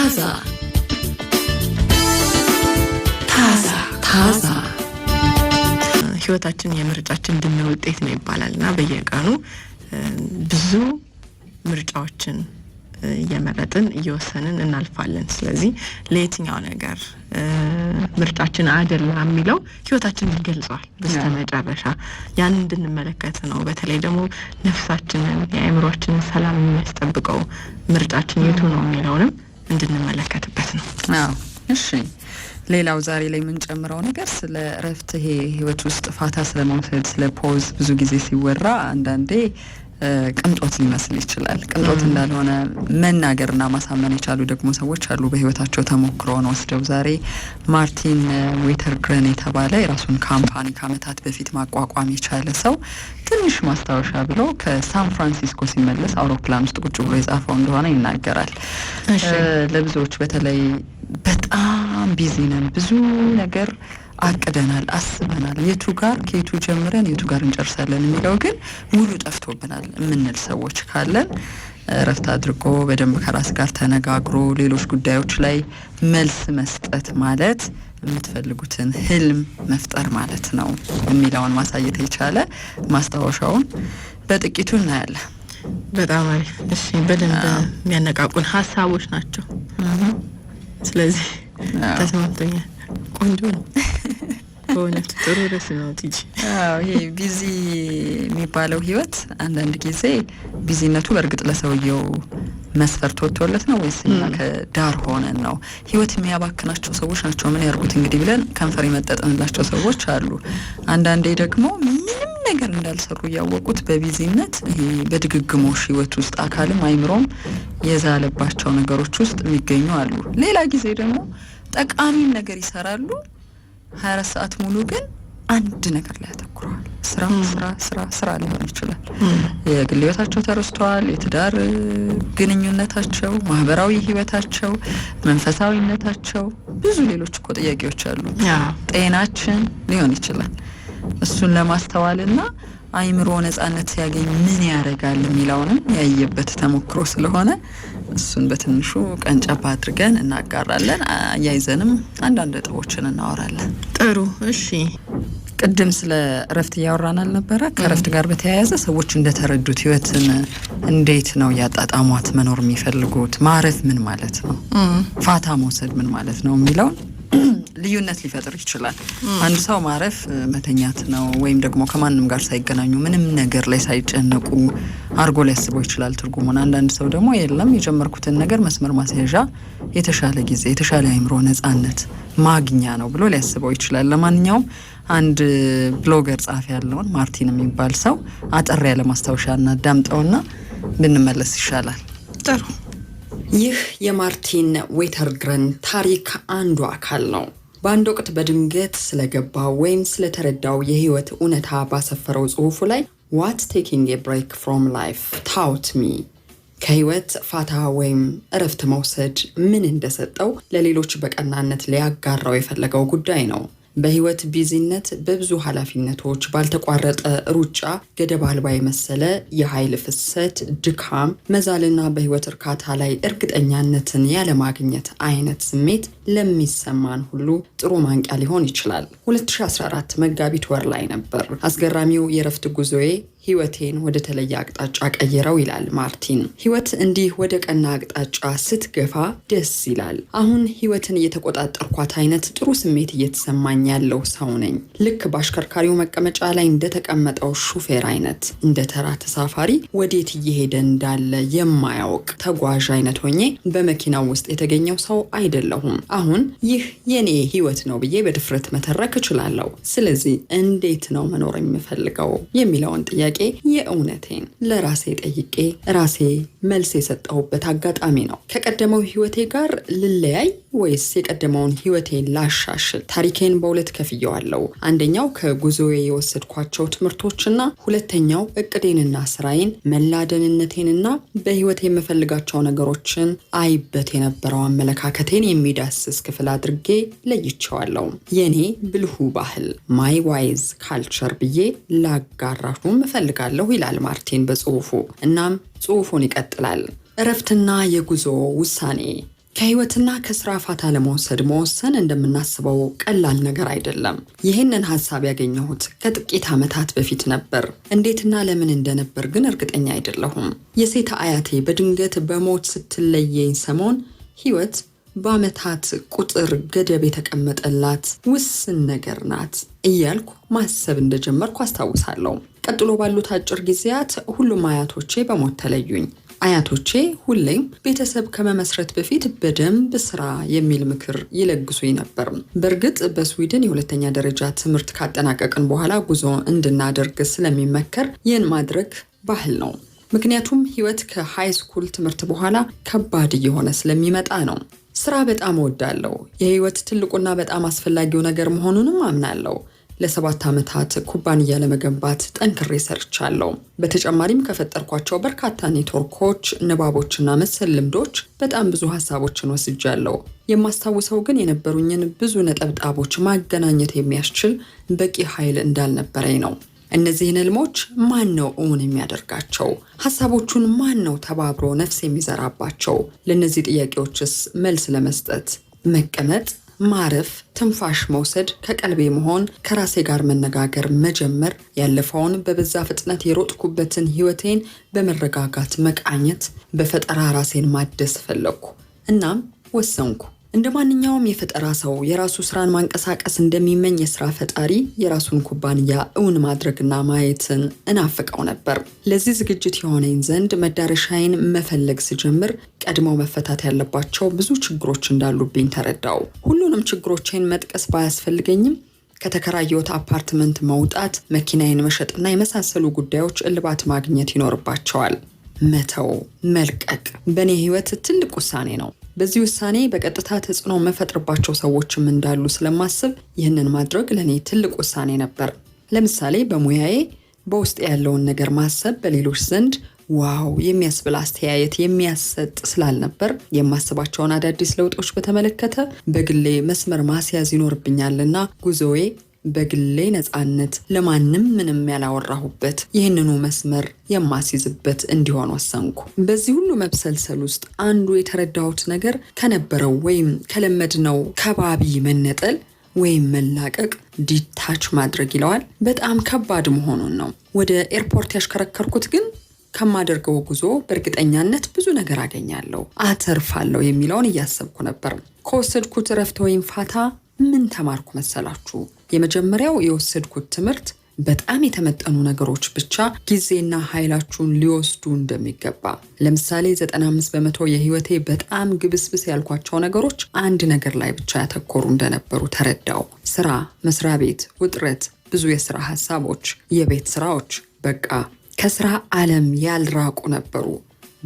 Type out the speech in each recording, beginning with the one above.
타사 ታዛ ታዛ ህይወታችን የምርጫችን ድምር ውጤት ነው ይባላል እና በየቀኑ ብዙ ምርጫዎችን እየመረጥን እየወሰንን እናልፋለን። ስለዚህ ለየትኛው ነገር ምርጫችን አደላ የሚለው ህይወታችንን ይገልጸዋል። በስተመጨረሻ ያን እንድንመለከት ነው። በተለይ ደግሞ ነፍሳችንን የአእምሯችንን ሰላም የሚያስጠብቀው ምርጫችን የቱ ነው የሚለውንም እንድንመለከትበት ነው። እሺ። ሌላው ዛሬ ላይ የምንጨምረው ነገር ስለ እረፍት፣ ይሄ ህይወት ውስጥ ፋታ ስለመውሰድ ስለ ፖዝ ብዙ ጊዜ ሲወራ አንዳንዴ ቅንጦት ሊመስል ይችላል። ቅንጦት እንዳልሆነ መናገርና ማሳመን የቻሉ ደግሞ ሰዎች አሉ። በህይወታቸው ተሞክሮን ወስደው ዛሬ ማርቲን ዌተርግረን የተባለ የራሱን ካምፓኒ ከአመታት በፊት ማቋቋም የቻለ ሰው ትንሽ ማስታወሻ ብሎ ከሳን ፍራንሲስኮ ሲመለስ አውሮፕላን ውስጥ ቁጭ ብሎ የጻፈው እንደሆነ ይናገራል። ለብዙዎች በተለይ በጣም ቢዚ ነን ብዙ ነገር አቅደናል፣ አስበናል። የቱ ጋር ከየቱ ጀምረን የቱ ጋር እንጨርሳለን የሚለው ግን ሙሉ ጠፍቶብናል የምንል ሰዎች ካለን እረፍት አድርጎ በደንብ ከራስ ጋር ተነጋግሮ ሌሎች ጉዳዮች ላይ መልስ መስጠት ማለት የምትፈልጉትን ህልም መፍጠር ማለት ነው የሚለውን ማሳየት የቻለ ማስታወሻውን በጥቂቱ እናያለን። በጣም አሪፍ። እሺ፣ በደንብ የሚያነቃቁን ሀሳቦች ናቸው። ስለዚህ ተስማምቶኛል። ቆንጆ ነው። በእውነት ጥሩ ርዕስ ነው ቲጂ። ይሄ ቢዚ የሚባለው ህይወት አንዳንድ ጊዜ ቢዚነቱ በእርግጥ ለሰውየው መስፈርት ወጥቶለት ነው ወይስ እኛ ከዳር ሆነን ነው? ህይወት የሚያባክናቸው ሰዎች ናቸው ምን ያርጉት እንግዲህ ብለን ከንፈር የመጠጥንላቸው ሰዎች አሉ። አንዳንዴ ደግሞ ምንም ነገር እንዳልሰሩ እያወቁት በቢዚነት በድግግሞሽ ህይወት ውስጥ አካልም አይምሮም የዛለባቸው ነገሮች ውስጥ የሚገኙ አሉ። ሌላ ጊዜ ደግሞ ጠቃሚን ነገር ይሰራሉ ሀያ አራት ሰዓት ሙሉ ግን አንድ ነገር ላይ ያተኩረዋል። ስራ ስራ ስራ ስራ ሊሆን ይችላል። የግል ህይወታቸው ተረስተዋል። የትዳር ግንኙነታቸው፣ ማህበራዊ ህይወታቸው፣ መንፈሳዊነታቸው፣ ብዙ ሌሎች እኮ ጥያቄዎች አሉ። ጤናችን ሊሆን ይችላል። እሱን ለማስተዋልና አይምሮ ነጻነት ሲያገኝ ምን ያደርጋል የሚለውንም ያየበት ተሞክሮ ስለሆነ እሱን በትንሹ ቀንጨባ አድርገን እናጋራለን። አያይዘንም አንዳንድ ነጥቦችን እናወራለን። ጥሩ እሺ። ቅድም ስለ እረፍት እያወራን አልነበረ? ከእረፍት ጋር በተያያዘ ሰዎች እንደተረዱት ህይወትን እንዴት ነው ያጣጣሟት መኖር የሚፈልጉት ማረፍ ምን ማለት ነው፣ ፋታ መውሰድ ምን ማለት ነው የሚለውን ልዩነት ሊፈጥር ይችላል። አንድ ሰው ማረፍ መተኛት ነው ወይም ደግሞ ከማንም ጋር ሳይገናኙ ምንም ነገር ላይ ሳይጨነቁ አድርጎ ሊያስበው ይችላል ትርጉሙን። አንዳንድ ሰው ደግሞ የለም የጀመርኩትን ነገር መስመር ማስያዣ፣ የተሻለ ጊዜ፣ የተሻለ አእምሮ ነጻነት ማግኛ ነው ብሎ ሊያስበው ይችላል። ለማንኛውም አንድ ብሎገር ጻፊ ያለውን ማርቲን የሚባል ሰው አጠር ያለ ማስታወሻ እናዳምጠውና ብንመለስ ይሻላል። ጥሩ። ይህ የማርቲን ዌተርግረን ታሪክ አንዱ አካል ነው። በአንድ ወቅት በድንገት ስለገባ ወይም ስለተረዳው የህይወት እውነታ ባሰፈረው ጽሁፉ ላይ ዋት ቴኪንግ ብሬክ ፍሮም ላይፍ ታውት ሚ ከህይወት ፋታ ወይም እረፍት መውሰድ ምን እንደሰጠው ለሌሎች በቀናነት ሊያጋራው የፈለገው ጉዳይ ነው። በህይወት ቢዚነት በብዙ ኃላፊነቶች ባልተቋረጠ ሩጫ ገደብ አልባ የመሰለ የኃይል ፍሰት፣ ድካም፣ መዛልና በህይወት እርካታ ላይ እርግጠኛነትን ያለማግኘት አይነት ስሜት ለሚሰማን ሁሉ ጥሩ ማንቂያ ሊሆን ይችላል። 2014 መጋቢት ወር ላይ ነበር አስገራሚው የእረፍት ጉዞዬ ህይወቴን ወደ ተለየ አቅጣጫ ቀይረው ይላል ማርቲን። ህይወት እንዲህ ወደ ቀና አቅጣጫ ስትገፋ ደስ ይላል። አሁን ህይወትን እየተቆጣጠርኳት አይነት ጥሩ ስሜት እየተሰማኝ ያለው ሰው ነኝ። ልክ በአሽከርካሪው መቀመጫ ላይ እንደተቀመጠው ሹፌር አይነት፣ እንደ ተራ ተሳፋሪ ወዴት እየሄደ እንዳለ የማያውቅ ተጓዥ አይነት ሆኜ በመኪናው ውስጥ የተገኘው ሰው አይደለሁም። አሁን ይህ የኔ ህይወት ነው ብዬ በድፍረት መተረክ እችላለሁ። ስለዚህ እንዴት ነው መኖር የምፈልገው የሚለውን ጥያቄ የእውነቴን ለራሴ ጠይቄ ራሴ መልስ የሰጠሁበት አጋጣሚ ነው። ከቀደመው ህይወቴ ጋር ልለያይ ወይስ የቀደመውን ህይወቴን ላሻሽል? ታሪኬን በሁለት ከፍየዋለሁ። አንደኛው ከጉዞዬ የወሰድኳቸው ትምህርቶችና ሁለተኛው እቅዴንና ስራዬን መላደንነቴንና በህይወት የምፈልጋቸው ነገሮችን አይበት የነበረው አመለካከቴን የሚዳስስ ክፍል አድርጌ ለይቸዋለሁ። የኔ ብልሁ ባህል ማይ ዋይዝ ካልቸር ብዬ ላጋራሹም እፈልጋለሁ ይላል ማርቲን በጽሁፉ። እናም ጽሁፉን ይቀጥላል። እረፍትና የጉዞ ውሳኔ ከህይወትና ከስራ ፋታ ለመውሰድ መወሰን እንደምናስበው ቀላል ነገር አይደለም። ይህንን ሀሳብ ያገኘሁት ከጥቂት ዓመታት በፊት ነበር። እንዴትና ለምን እንደነበር ግን እርግጠኛ አይደለሁም። የሴት አያቴ በድንገት በሞት ስትለየኝ ሰሞን ህይወት በዓመታት ቁጥር ገደብ የተቀመጠላት ውስን ነገር ናት እያልኩ ማሰብ እንደጀመርኩ አስታውሳለሁ። ቀጥሎ ባሉት አጭር ጊዜያት ሁሉም አያቶቼ በሞት ተለዩኝ። አያቶቼ ሁሌም ቤተሰብ ከመመስረት በፊት በደንብ ስራ የሚል ምክር ይለግሱኝ ነበር። በእርግጥ በስዊድን የሁለተኛ ደረጃ ትምህርት ካጠናቀቅን በኋላ ጉዞ እንድናደርግ ስለሚመከር ይህን ማድረግ ባህል ነው። ምክንያቱም ህይወት ከሃይ ስኩል ትምህርት በኋላ ከባድ እየሆነ ስለሚመጣ ነው። ስራ በጣም እወዳለሁ። የህይወት ትልቁና በጣም አስፈላጊው ነገር መሆኑንም አምናለሁ። ለሰባት ዓመታት ኩባንያ ለመገንባት ጠንክሬ ሰርቻለሁ። በተጨማሪም ከፈጠርኳቸው በርካታ ኔትወርኮች፣ ንባቦችና መሰል ልምዶች በጣም ብዙ ሀሳቦችን ወስጃለሁ። የማስታውሰው ግን የነበሩኝን ብዙ ነጠብጣቦች ማገናኘት የሚያስችል በቂ ኃይል እንዳልነበረኝ ነው። እነዚህን ህልሞች ማን ነው እውን የሚያደርጋቸው? ሀሳቦቹን ማን ነው ተባብሮ ነፍስ የሚዘራባቸው? ለእነዚህ ጥያቄዎችስ መልስ ለመስጠት መቀመጥ ማረፍ፣ ትንፋሽ መውሰድ፣ ከቀልቤ መሆን፣ ከራሴ ጋር መነጋገር መጀመር፣ ያለፈውን በበዛ ፍጥነት የሮጥኩበትን ህይወቴን በመረጋጋት መቃኘት፣ በፈጠራ ራሴን ማደስ ፈለግኩ። እናም ወሰንኩ። እንደ ማንኛውም የፈጠራ ሰው የራሱ ስራን ማንቀሳቀስ እንደሚመኝ የስራ ፈጣሪ የራሱን ኩባንያ እውን ማድረግና ማየትን እናፍቀው ነበር። ለዚህ ዝግጅት የሆነኝ ዘንድ መዳረሻዬን መፈለግ ስጀምር ቀድመው መፈታት ያለባቸው ብዙ ችግሮች እንዳሉብኝ ተረዳው። ሁሉንም ችግሮቼን መጥቀስ ባያስፈልገኝም ከተከራየሁት አፓርትመንት መውጣት፣ መኪናዬን መሸጥና የመሳሰሉ ጉዳዮች እልባት ማግኘት ይኖርባቸዋል። መተው፣ መልቀቅ በእኔ ህይወት ትልቅ ውሳኔ ነው። በዚህ ውሳኔ በቀጥታ ተጽዕኖ መፈጥርባቸው ሰዎችም እንዳሉ ስለማስብ ይህንን ማድረግ ለእኔ ትልቅ ውሳኔ ነበር። ለምሳሌ በሙያዬ በውስጥ ያለውን ነገር ማሰብ በሌሎች ዘንድ ዋው የሚያስብል አስተያየት የሚያሰጥ ስላልነበር የማስባቸውን አዳዲስ ለውጦች በተመለከተ በግሌ መስመር ማስያዝ ይኖርብኛልና ጉዞዬ በግሌ ነፃነት ለማንም ምንም ያላወራሁበት ይህንኑ መስመር የማስይዝበት እንዲሆን ወሰንኩ። በዚህ ሁሉ መብሰልሰል ውስጥ አንዱ የተረዳሁት ነገር ከነበረው ወይም ከለመድነው ከባቢ መነጠል ወይም መላቀቅ ዲታች ማድረግ ይለዋል በጣም ከባድ መሆኑን ነው። ወደ ኤርፖርት ያሽከረከርኩት ግን ከማደርገው ጉዞ በእርግጠኛነት ብዙ ነገር አገኛለሁ፣ አተርፋለሁ የሚለውን እያሰብኩ ነበር። ከወሰድኩት እረፍት ወይም ፋታ ምን ተማርኩ መሰላችሁ? የመጀመሪያው የወሰድኩት ትምህርት በጣም የተመጠኑ ነገሮች ብቻ ጊዜና ኃይላችሁን ሊወስዱ እንደሚገባ። ለምሳሌ 95 በመቶ የህይወቴ በጣም ግብስብስ ያልኳቸው ነገሮች አንድ ነገር ላይ ብቻ ያተኮሩ እንደነበሩ ተረዳው። ስራ፣ መስሪያ ቤት፣ ውጥረት፣ ብዙ የስራ ሀሳቦች፣ የቤት ስራዎች፣ በቃ ከስራ ዓለም ያልራቁ ነበሩ።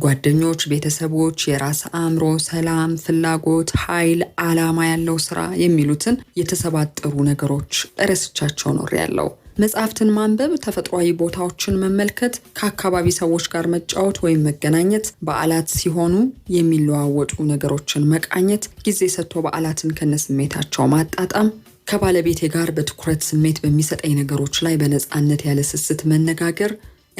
ጓደኞች፣ ቤተሰቦች፣ የራስ አእምሮ፣ ሰላም፣ ፍላጎት፣ ኃይል፣ ዓላማ ያለው ስራ የሚሉትን የተሰባጠሩ ነገሮች እረስቻቸው ኖር ያለው መጽሐፍትን ማንበብ፣ ተፈጥሯዊ ቦታዎችን መመልከት፣ ከአካባቢ ሰዎች ጋር መጫወት ወይም መገናኘት፣ በዓላት ሲሆኑ የሚለዋወጡ ነገሮችን መቃኘት፣ ጊዜ ሰጥቶ በዓላትን ከነስሜታቸው ማጣጣም ከባለቤቴ ጋር በትኩረት ስሜት በሚሰጠኝ ነገሮች ላይ በነፃነት ያለ ስስት መነጋገር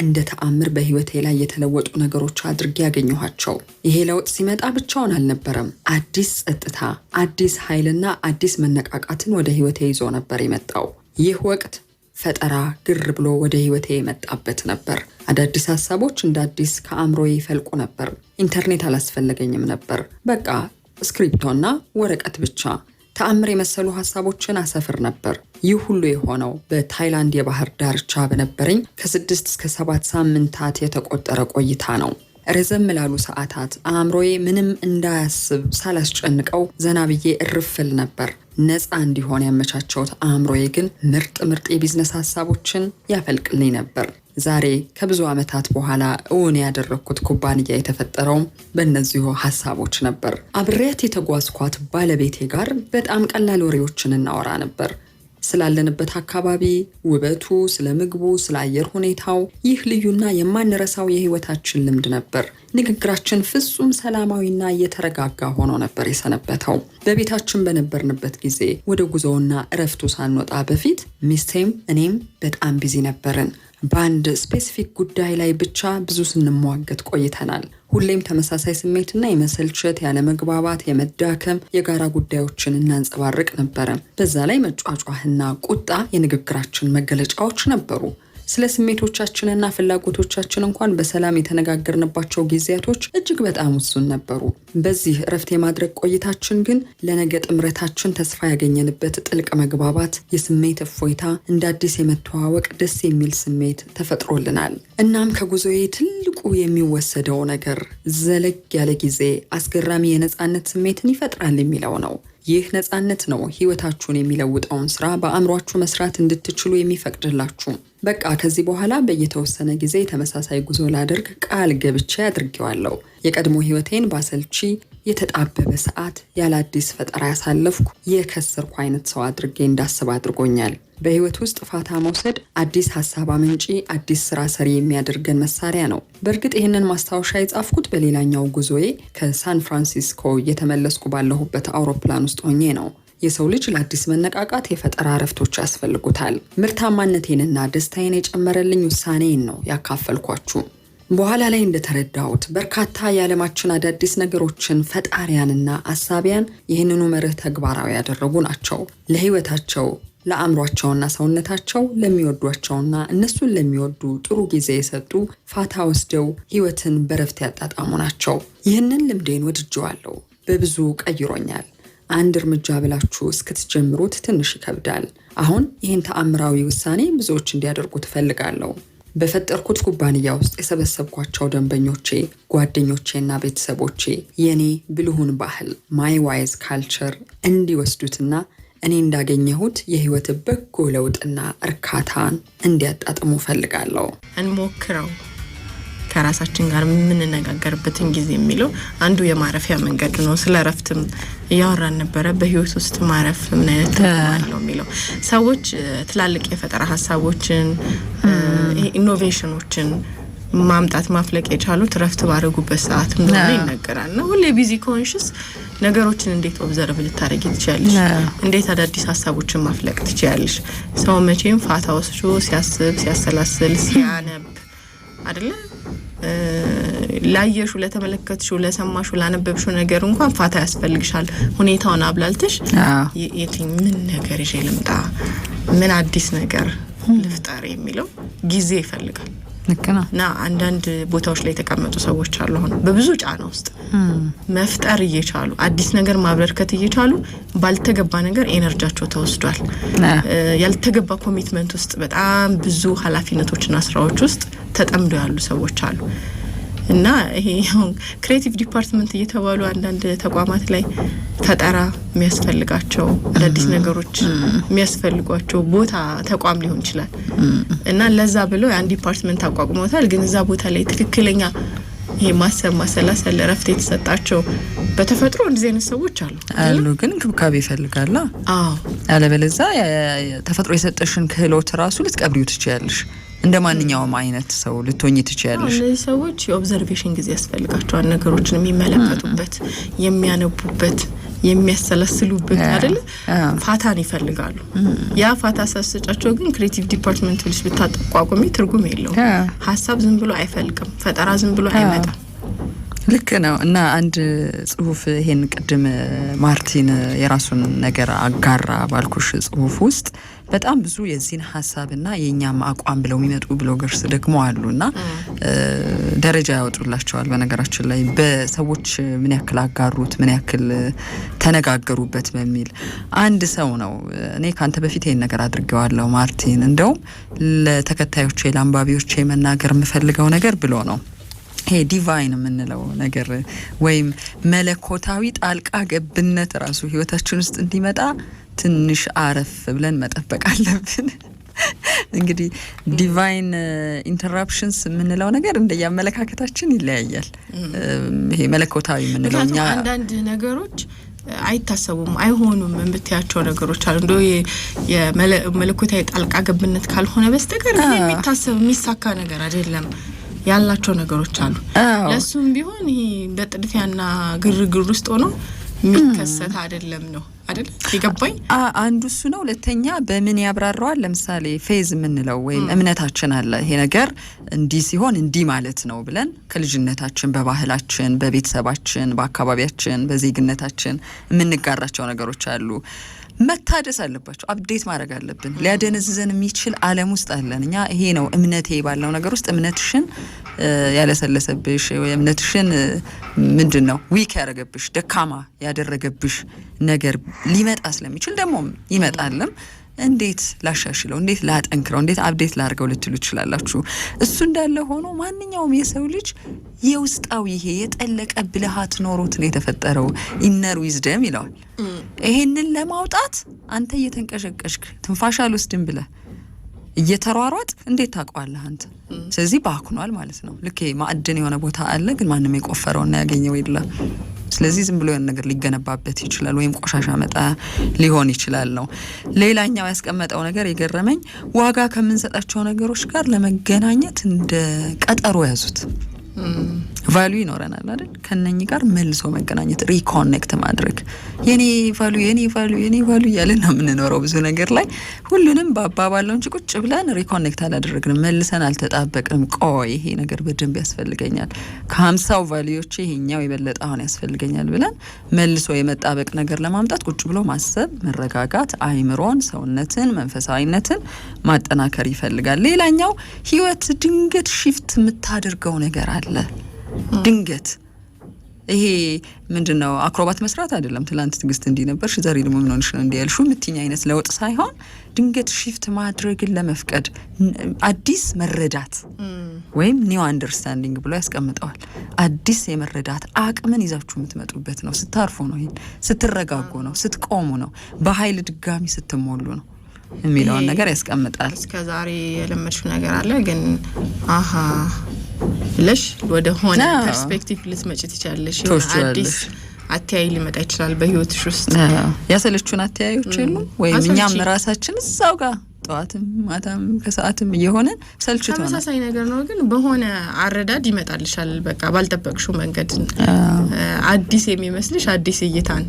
እንደ ተአምር በህይወቴ ላይ የተለወጡ ነገሮች አድርጌ ያገኘኋቸው። ይሄ ለውጥ ሲመጣ ብቻውን አልነበረም። አዲስ ጸጥታ፣ አዲስ ኃይልና አዲስ መነቃቃትን ወደ ህይወቴ ይዞ ነበር የመጣው። ይህ ወቅት ፈጠራ ግር ብሎ ወደ ህይወቴ የመጣበት ነበር። አዳዲስ ሀሳቦች እንደ አዲስ ከአእምሮ ይፈልቁ ነበር። ኢንተርኔት አላስፈለገኝም ነበር። በቃ እስክሪፕቶና ወረቀት ብቻ ተአምር የመሰሉ ሀሳቦችን አሰፍር ነበር። ይህ ሁሉ የሆነው በታይላንድ የባህር ዳርቻ በነበረኝ ከስድስት እስከ ሰባት ሳምንታት የተቆጠረ ቆይታ ነው። ረዘም ላሉ ሰዓታት አእምሮዬ ምንም እንዳያስብ ሳላስጨንቀው ዘና ብዬ እርፍል ነበር። ነፃ እንዲሆን ያመቻቸውት አእምሮዬ ግን ምርጥ ምርጥ የቢዝነስ ሀሳቦችን ያፈልቅልኝ ነበር። ዛሬ ከብዙ ዓመታት በኋላ እውን ያደረግኩት ኩባንያ የተፈጠረውም በእነዚሁ ሀሳቦች ነበር። አብሬያት የተጓዝኳት ባለቤቴ ጋር በጣም ቀላል ወሬዎችን እናወራ ነበር። ስላለንበት አካባቢ፣ ውበቱ፣ ስለ ምግቡ፣ ስለ አየር ሁኔታው ይህ ልዩና የማንረሳው የህይወታችን ልምድ ነበር። ንግግራችን ፍጹም ሰላማዊና የተረጋጋ ሆኖ ነበር የሰነበተው። በቤታችን በነበርንበት ጊዜ ወደ ጉዞውና እረፍቱ ሳንወጣ በፊት ሚስቴም እኔም በጣም ቢዚ ነበርን። በአንድ ስፔሲፊክ ጉዳይ ላይ ብቻ ብዙ ስንሟገት ቆይተናል። ሁሌም ተመሳሳይ ስሜትና የመሰልቸት ያለመግባባት፣ የመዳከም የጋራ ጉዳዮችን እናንጸባርቅ ነበረ። በዛ ላይ መጫጫህና ቁጣ የንግግራችን መገለጫዎች ነበሩ። ስለ ስሜቶቻችንና ፍላጎቶቻችን እንኳን በሰላም የተነጋገርንባቸው ጊዜያቶች እጅግ በጣም ውሱን ነበሩ። በዚህ እረፍት የማድረግ ቆይታችን ግን ለነገ ጥምረታችን ተስፋ ያገኘንበት ጥልቅ መግባባት፣ የስሜት እፎይታ፣ እንደ አዲስ የመተዋወቅ ደስ የሚል ስሜት ተፈጥሮልናል። እናም ከጉዞዬ ትልቁ የሚወሰደው ነገር ዘለግ ያለ ጊዜ አስገራሚ የነፃነት ስሜትን ይፈጥራል የሚለው ነው። ይህ ነፃነት ነው ህይወታችሁን የሚለውጠውን ስራ በአእምሯችሁ መስራት እንድትችሉ የሚፈቅድላችሁ። በቃ ከዚህ በኋላ በየተወሰነ ጊዜ ተመሳሳይ ጉዞ ላደርግ ቃል ገብቼ አድርጌዋለሁ። የቀድሞ ህይወቴን ባሰልቺ የተጣበበ ሰዓት ያለ አዲስ ፈጠራ ያሳለፍኩ የከሰርኩ አይነት ሰው አድርጌ እንዳስብ አድርጎኛል። በህይወት ውስጥ ፋታ መውሰድ አዲስ ሀሳብ አመንጪ፣ አዲስ ስራ ሰሪ የሚያደርገን መሳሪያ ነው። በእርግጥ ይህንን ማስታወሻ የጻፍኩት በሌላኛው ጉዞዬ ከሳን ፍራንሲስኮ እየተመለስኩ ባለሁበት አውሮፕላን ውስጥ ሆኜ ነው። የሰው ልጅ ለአዲስ መነቃቃት የፈጠራ እረፍቶች ያስፈልጉታል። ምርታማነቴንና ደስታዬን የጨመረልኝ ውሳኔን ነው ያካፈልኳችሁ። በኋላ ላይ እንደተረዳሁት በርካታ የዓለማችን አዳዲስ ነገሮችን ፈጣሪያንና አሳቢያን ይህንኑ መርህ ተግባራዊ ያደረጉ ናቸው። ለህይወታቸው፣ ለአእምሯቸውና ሰውነታቸው ለሚወዷቸውና እነሱን ለሚወዱ ጥሩ ጊዜ የሰጡ ፋታ ወስደው ሕይወትን በረፍት ያጣጣሙ ናቸው። ይህንን ልምዴን ወድጀዋለሁ። በብዙ ቀይሮኛል። አንድ እርምጃ ብላችሁ እስክትጀምሩት ትንሽ ይከብዳል። አሁን ይህን ተአምራዊ ውሳኔ ብዙዎች እንዲያደርጉ ትፈልጋለሁ። በፈጠርኩት ኩባንያ ውስጥ የሰበሰብኳቸው ደንበኞቼ፣ እና ቤተሰቦቼ የኔ ብልሁን ባህል ማይ ዋይዝ ካልቸር እንዲወስዱትና እኔ እንዳገኘሁት የህይወት በጎ ለውጥና እርካታን እንዲያጣጥሙ ፈልጋለሁ። እንሞክረው። ከራሳችን ጋር የምንነጋገርበትን ጊዜ የሚለው አንዱ የማረፊያ መንገድ ነው። ስለ እረፍትም እያወራን ነበረ። በህይወት ውስጥ ማረፍ ምን አይነት ነው የሚለው ሰዎች ትላልቅ የፈጠራ ሀሳቦችን ኢኖቬሽኖችን ማምጣት ማፍለቅ የቻሉት እረፍት ባደረጉበት ሰዓት እንደሆነ ይነገራል። እና ሁሌ ቢዚ ኮንሽስ ነገሮችን እንዴት ኦብዘርቭ ልታደረግ ትችያለሽ? እንዴት አዳዲስ ሀሳቦችን ማፍለቅ ትችያለሽ? ሰው መቼም ፋታ ወስዶ ሲያስብ ሲያሰላስል ሲያነብ አይደለም ላየሹ፣ ለተመለከትሹ፣ ለሰማሹ፣ ላነበብሹ ነገር እንኳን ፋታ ያስፈልግሻል። ሁኔታውን አብላልትሽ የትኝ ምን ነገር ይዤ ልምጣ፣ ምን አዲስ ነገር ልፍጠር የሚለው ጊዜ ይፈልጋል። ልክ ነው። እና አንዳንድ ቦታዎች ላይ የተቀመጡ ሰዎች አሉ። አሁን በብዙ ጫና ውስጥ መፍጠር እየቻሉ አዲስ ነገር ማበርከት እየቻሉ ባልተገባ ነገር ኤነርጃቸው ተወስዷል። ያልተገባ ኮሚትመንት ውስጥ በጣም ብዙ ኃላፊነቶችና ስራዎች ውስጥ ተጠምዶ ያሉ ሰዎች አሉ እና ይሄ ክሬቲቭ ዲፓርትመንት እየተባሉ አንዳንድ ተቋማት ላይ ፈጠራ የሚያስፈልጋቸው አዳዲስ ነገሮች የሚያስፈልጓቸው ቦታ ተቋም ሊሆን ይችላል እና ለዛ ብለው የአንድ ዲፓርትመንት አቋቁመውታል። ግን እዛ ቦታ ላይ ትክክለኛ ይሄ ማሰብ ማሰላሰል እረፍት የተሰጣቸው በተፈጥሮ እንደዚህ አይነት ሰዎች አሉ አሉ። ግን እንክብካቤ ይፈልጋላ። አዎ፣ ተፈጥሮ የሰጠሽን ክህሎት ራሱ ልትቀብሪው ትችያለሽ። እንደ ማንኛውም አይነት ሰው ልትሆኝ ትችያለሽ። እነዚህ ሰዎች የኦብዘርቬሽን ጊዜ ያስፈልጋቸዋል። ነገሮችን የሚመለከቱበት፣ የሚያነቡበት፣ የሚያሰላስሉበት አይደለ ፋታን ይፈልጋሉ። ያ ፋታ ሳሰጫቸው ግን ክሬቲቭ ዲፓርትመንት ብልሽ ብታጠቋቋሚ ትርጉም የለውም። ሀሳብ ዝም ብሎ አይፈልቅም። ፈጠራ ዝም ብሎ አይመጣም። ልክ ነው እና አንድ ጽሁፍ ይሄን ቅድም ማርቲን የራሱን ነገር አጋራ ባልኩሽ ጽሁፍ ውስጥ በጣም ብዙ የዚህን ሀሳብና የእኛም አቋም ብለው የሚመጡ ብሎገርስ ደግሞ አሉ እና ደረጃ ያወጡላቸዋል። በነገራችን ላይ በሰዎች ምን ያክል አጋሩት፣ ምን ያክል ተነጋገሩበት በሚል አንድ ሰው ነው እኔ ከአንተ በፊት ይህን ነገር አድርጌዋለሁ ማርቲን እንደውም ለተከታዮቼ ለአንባቢዎቼ መናገር የምፈልገው ነገር ብሎ ነው ይሄ ዲቫይን የምንለው ነገር ወይም መለኮታዊ ጣልቃ ገብነት ራሱ ህይወታችን ውስጥ እንዲመጣ ትንሽ አረፍ ብለን መጠበቅ አለብን። እንግዲህ ዲቫይን ኢንተራፕሽንስ የምንለው ነገር እንደየአመለካከታችን ይለያያል። ይሄ መለኮታዊ የምንለው እኛ አንዳንድ ነገሮች አይታሰቡም አይሆኑም የምትያቸው ነገሮች አሉ። እንዲ የመለኮታዊ ጣልቃ ገብነት ካልሆነ በስተቀር የሚታሰብ የሚሳካ ነገር አይደለም። ያላቸው ነገሮች አሉ። ለሱም ቢሆን ይሄ በጥድፊያና ግርግር ውስጥ ሆኖ የሚከሰት አይደለም ነው አይደል? የገባኝ አንዱ እሱ ነው። ሁለተኛ በምን ያብራራዋል? ለምሳሌ ፌዝ የምንለው ወይም እምነታችን አለ። ይሄ ነገር እንዲህ ሲሆን እንዲህ ማለት ነው ብለን ከልጅነታችን በባህላችን፣ በቤተሰባችን፣ በአካባቢያችን፣ በዜግነታችን የምንጋራቸው ነገሮች አሉ። መታደስ አለባቸው። አብዴት ማድረግ አለብን። ሊያደነዝዘን የሚችል ዓለም ውስጥ አለን እኛ። ይሄ ነው እምነቴ ባለው ነገር ውስጥ እምነትሽን ያለሰለሰብሽ እምነትሽን ምንድን ነው ዊክ ያደረገብሽ ደካማ ያደረገብሽ ነገር ሊመጣ ስለሚችል ደግሞ ይመጣልም እንዴት ላሻሽለው፣ እንዴት ላጠንክረው፣ እንዴት አብዴት ላድርገው ልትሉ ትችላላችሁ። እሱ እንዳለ ሆኖ ማንኛውም የሰው ልጅ የውስጣዊ ይሄ የጠለቀ ብልሃት ኖሮት ነው የተፈጠረው። ኢነር ዊዝደም ይለዋል። ይሄንን ለማውጣት አንተ እየተንቀሸቀሽክ ትንፋሽ አልወስድም ብለህ እየተሯሯጥ እንዴት ታውቀዋለህ አንተ? ስለዚህ ባክኗል ማለት ነው። ልክ ማዕድን የሆነ ቦታ አለ፣ ግን ማንም የቆፈረው እና ያገኘው የለም። ስለዚህ ዝም ብሎ የሆነ ነገር ሊገነባበት ይችላል፣ ወይም ቆሻሻ መጣ ሊሆን ይችላል ነው። ሌላኛው ያስቀመጠው ነገር የገረመኝ ዋጋ ከምንሰጣቸው ነገሮች ጋር ለመገናኘት እንደ ቀጠሮ ያዙት። ቫሉ ይኖረናል አይደል? ከነኚህ ጋር መልሶ መገናኘት ሪኮኔክት ማድረግ የኔ ቫሉ የኔ ቫሉ የኔ ቫሉ እያለን ነው የምንኖረው ብዙ ነገር ላይ ሁሉንም በአባባል እንጂ ቁጭ ብለን ሪኮኔክት አላደረግንም፣ መልሰን አልተጣበቅንም። ቆይ ይሄ ነገር በደንብ ያስፈልገኛል፣ ከሀምሳው ቫሉዎች ይሄኛው የበለጠ አሁን ያስፈልገኛል ብለን መልሶ የመጣበቅ ነገር ለማምጣት ቁጭ ብሎ ማሰብ መረጋጋት፣ አይምሮን፣ ሰውነትን፣ መንፈሳዊነትን ማጠናከር ይፈልጋል። ሌላኛው ህይወት ድንገት ሽፍት የምታደርገው ነገር አለ አለ። ድንገት ይሄ ምንድን ነው? አክሮባት መስራት አይደለም። ትላንት ትግስት እንዲህ ነበርሽ፣ ዛሬ ደግሞ ምን ነው እንዲህ ያልሽው የምትይኝ አይነት ለውጥ ሳይሆን ድንገት ሺፍት ማድረግን ለመፍቀድ አዲስ መረዳት ወይም ኒው አንደርስታንዲንግ ብሎ ያስቀምጠዋል። አዲስ የመረዳት አቅምን ይዛችሁ የምትመጡበት ነው። ስታርፉ ነው። ይሄን ስትረጋጉ ነው። ስትቆሙ ነው። በኃይል ድጋሚ ስትሞሉ ነው። የሚለውን ነገር ያስቀምጣል። እስከ ዛሬ የለመድሽው ነገር አለ ግን አሀ ብለሽ ወደ ሆነ ፐርስፔክቲቭ ልትመጪ ትችላለሽ። አዲስ አተያይ ሊመጣ ይችላል በህይወትሽ ውስጥ። ያሰለቹን አተያዮች የሉም ወይም እኛም ራሳችን እዛው ጋር ጠዋትም ማታም ከሰዓትም እየሆነ ሰልችቶ ተመሳሳይ ነገር ነው፣ ግን በሆነ አረዳድ ይመጣልሻል። በቃ ባልጠበቅሽው መንገድ አዲስ የሚመስልሽ አዲስ እይታን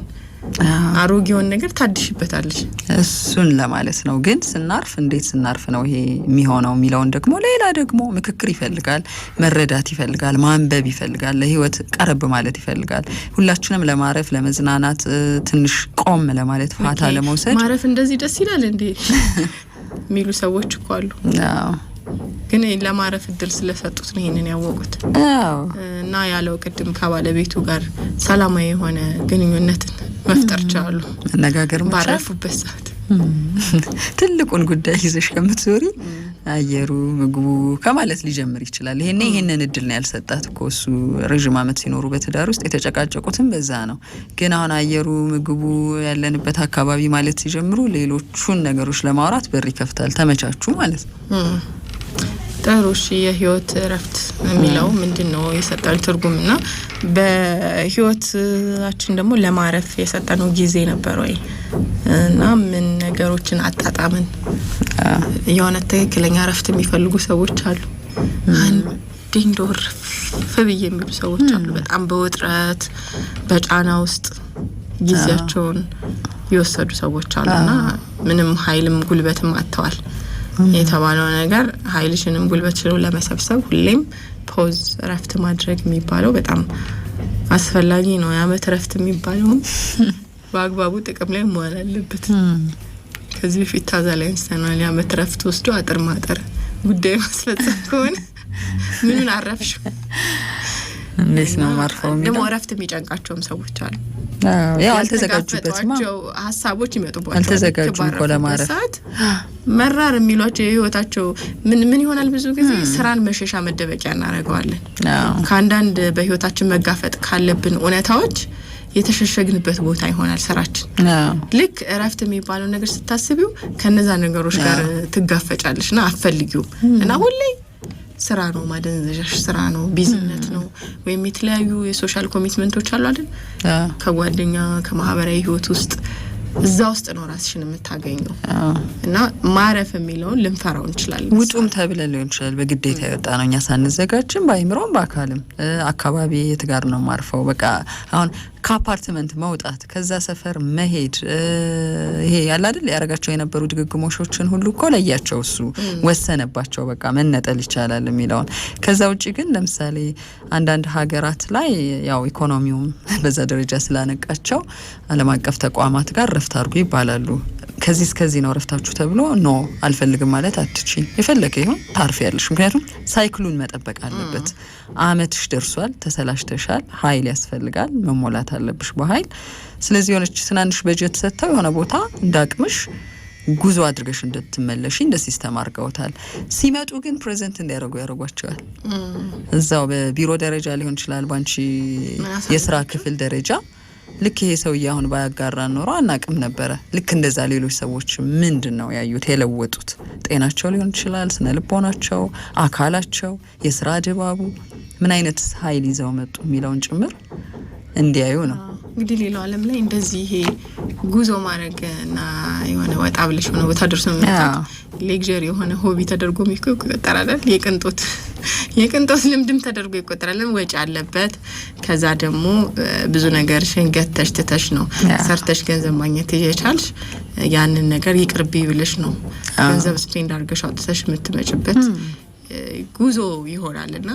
አሮጌውን ነገር ታድሽበታለሽ። እሱን ለማለት ነው። ግን ስናርፍ እንዴት ስናርፍ ነው ይሄ የሚሆነው የሚለውን ደግሞ ሌላ ደግሞ ምክክር ይፈልጋል፣ መረዳት ይፈልጋል፣ ማንበብ ይፈልጋል፣ ለህይወት ቀረብ ማለት ይፈልጋል። ሁላችንም ለማረፍ ለመዝናናት፣ ትንሽ ቆም ለማለት ፋታ ለመውሰድ ማረፍ እንደዚህ ደስ ይላል እንዴ! የሚሉ ሰዎች እኮ አሉ። ግን ለማረፍ እድል ስለሰጡት ነው ይህንን ያወቁት እና ያለው ቅድም ከባለቤቱ ጋር ሰላማዊ የሆነ ግንኙነትን መፍጠር ቻሉ። መነጋገር ባረፉበት ሰዓት ትልቁን ጉዳይ ይዘሽ ከምትዞሪ አየሩ፣ ምግቡ ከማለት ሊጀምር ይችላል። ይሄኔ ይሄንን እድል ነው ያልሰጣት እኮ እሱ። ረዥም ዓመት ሲኖሩ በትዳር ውስጥ የተጨቃጨቁትም በዛ ነው። ግን አሁን አየሩ፣ ምግቡ፣ ያለንበት አካባቢ ማለት ሲጀምሩ ሌሎቹን ነገሮች ለማውራት በር ይከፍታል። ተመቻቹ ማለት ነው። ጥሩ የህይወት እረፍት የሚለው ምንድን ነው የሰጠን ትርጉም እና በህይወታችን ደግሞ ለማረፍ የሰጠነው ጊዜ ነበር ወይ እና ምን ነገሮችን አጣጣምን የሆነ ትክክለኛ እረፍት የሚፈልጉ ሰዎች አሉ አንዴንዶር ፍብዬ የሚሉ ሰዎች አሉ በጣም በውጥረት በጫና ውስጥ ጊዜያቸውን የወሰዱ ሰዎች አሉ እና ምንም ሀይልም ጉልበትም አጥተዋል የተባለው ነገር ሀይልሽንም ጉልበትሽንም ለመሰብሰብ ሁሌም ፖዝ ረፍት ማድረግ የሚባለው በጣም አስፈላጊ ነው። የአመት እረፍት የሚባለውም በአግባቡ ጥቅም ላይ መዋል አለበት። ከዚህ በፊት ታዛ ላይ አንስተናል። የአመት እረፍት ወስዶ አጥር ማጠር ጉዳይ ማስፈጸም ከሆነ ምኑን አረፍሽው? እንዴት ነው ማርፈው? ደግሞ እረፍት የሚጨንቃቸውም ሰዎች አሉ። ያው አልተዘጋጁበትም፣ ሀሳቦች ይመጡባቸዋል። አልተዘጋጁም እኮ ለማረፍ መራር የሚሏቸው የህይወታቸው ምን ምን ይሆናል። ብዙ ጊዜ ስራን መሸሻ መደበቂያ እናደርገዋለን። ከአንዳንድ በህይወታችን መጋፈጥ ካለብን እውነታዎች የተሸሸግንበት ቦታ ይሆናል ስራችን። ልክ እረፍት የሚባለው ነገር ስታስቢው ከነዛ ነገሮች ጋር ትጋፈጫለሽ እና አትፈልጊውም እና ሁሌ ስራ ነው፣ ማደንዘዣሽ ስራ ነው፣ ቢዝነት ነው ወይም የተለያዩ የሶሻል ኮሚትመንቶች አሉ አይደል? ከጓደኛ ከማህበራዊ ህይወት ውስጥ እዛ ውስጥ ነው ራስሽን የምታገኘው። እና ማረፍ የሚለውን ልንፈራው እንችላለን። ውጡም ተብለ ሊሆን ይችላል። በግዴታ የወጣ ነው እኛ ሳንዘጋጅም፣ በአይምሮም በአካልም አካባቢ የት ጋር ነው ማርፈው። በቃ አሁን ከአፓርትመንት መውጣት ከዛ ሰፈር መሄድ ይሄ ያለ አይደል ያረጋቸው የነበሩ ድግግሞሾችን ሁሉ እኮ ለያቸው። እሱ ወሰነባቸው፣ በቃ መነጠል ይቻላል የሚለውን። ከዛ ውጭ ግን ለምሳሌ አንዳንድ ሀገራት ላይ ያው ኢኮኖሚውም በዛ ደረጃ ስላነቃቸው አለም አቀፍ ተቋማት ጋር ረፍት አድርጉ ይባላሉ። ከዚህ እስከዚህ ነው ረፍታችሁ ተብሎ ኖ አልፈልግም ማለት አትቺ የፈለገ ይሁን ታርፍ ያለሽ። ምክንያቱም ሳይክሉን መጠበቅ አለበት። አመትሽ ደርሷል፣ ተሰላሽተሻል፣ ሀይል ያስፈልጋል፣ መሞላት አለብሽ በሀይል። ስለዚህ የሆነች ትናንሽ በጀት ሰጥተው የሆነ ቦታ እንዳቅምሽ ጉዞ አድርገሽ እንድትመለሽ እንደ ሲስተም አድርገውታል። ሲመጡ ግን ፕሬዘንት እንዲያደርጉ ያደርጓቸዋል። እዛው በቢሮ ደረጃ ሊሆን ይችላል፣ ባንቺ የስራ ክፍል ደረጃ ልክ ይሄ ሰውዬ አሁን ባያጋራን ኖሮ አናቅም ነበረ። ልክ እንደዛ ሌሎች ሰዎች ምንድን ነው ያዩት የለወጡት? ጤናቸው ሊሆን ይችላል፣ ስነ ልቦናቸው፣ አካላቸው፣ የስራ ድባቡ ምን አይነት ሀይል ይዘው መጡ የሚለውን ጭምር እንዲያዩ ነው። እንግዲህ ሌላው ዓለም ላይ እንደዚህ ይሄ ጉዞ ማድረግ እና የሆነ ወጣ ብለሽ ሆነ ቦታ ደርሶ ሌግዥር የሆነ ሆቢ ተደርጎ ይቆጠራል። የቅንጦት የቅንጦት ልምድም ተደርጎ ይቆጠራል። ወጪ አለበት። ከዛ ደግሞ ብዙ ነገር ሸንገተሽ ተሽትተሽ ነው ሰርተሽ ገንዘብ ማግኘት እየቻልሽ ያንን ነገር ይቅርብ ብለሽ ነው ገንዘብ ስፔንድ አድርገሽ አውጥተሽ የምትመጭበት ጉዞ ይሆናል እና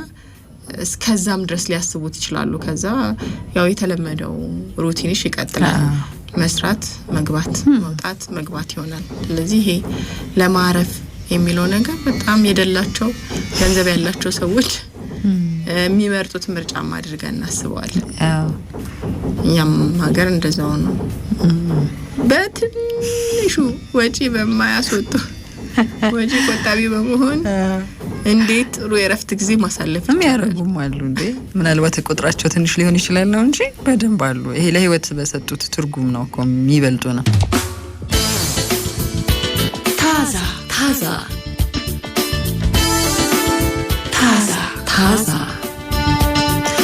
እስከዛም ድረስ ሊያስቡት ይችላሉ። ከዛ ያው የተለመደው ሩቲንሽ ይቀጥላል። መስራት፣ መግባት፣ መውጣት፣ መግባት ይሆናል። ስለዚህ ይሄ ለማረፍ የሚለው ነገር በጣም የደላቸው ገንዘብ ያላቸው ሰዎች የሚመርጡት ምርጫም አድርገን እናስበዋለን። እኛም ሀገር እንደዛው ነው። በትንሹ ወጪ በማያስወጡ ወጪ ቆጣቢ በመሆን እንዴት ጥሩ የእረፍት ጊዜ ማሳለፍ የሚያደርጉም አሉ እንዴ። ምናልባት ቁጥራቸው ትንሽ ሊሆን ይችላል ነው እንጂ በደንብ አሉ። ይሄ ለህይወት በሰጡት ትርጉም ነው እኮ የሚበልጡ ነው። ታዛ ታዛ ታዛ ታዛ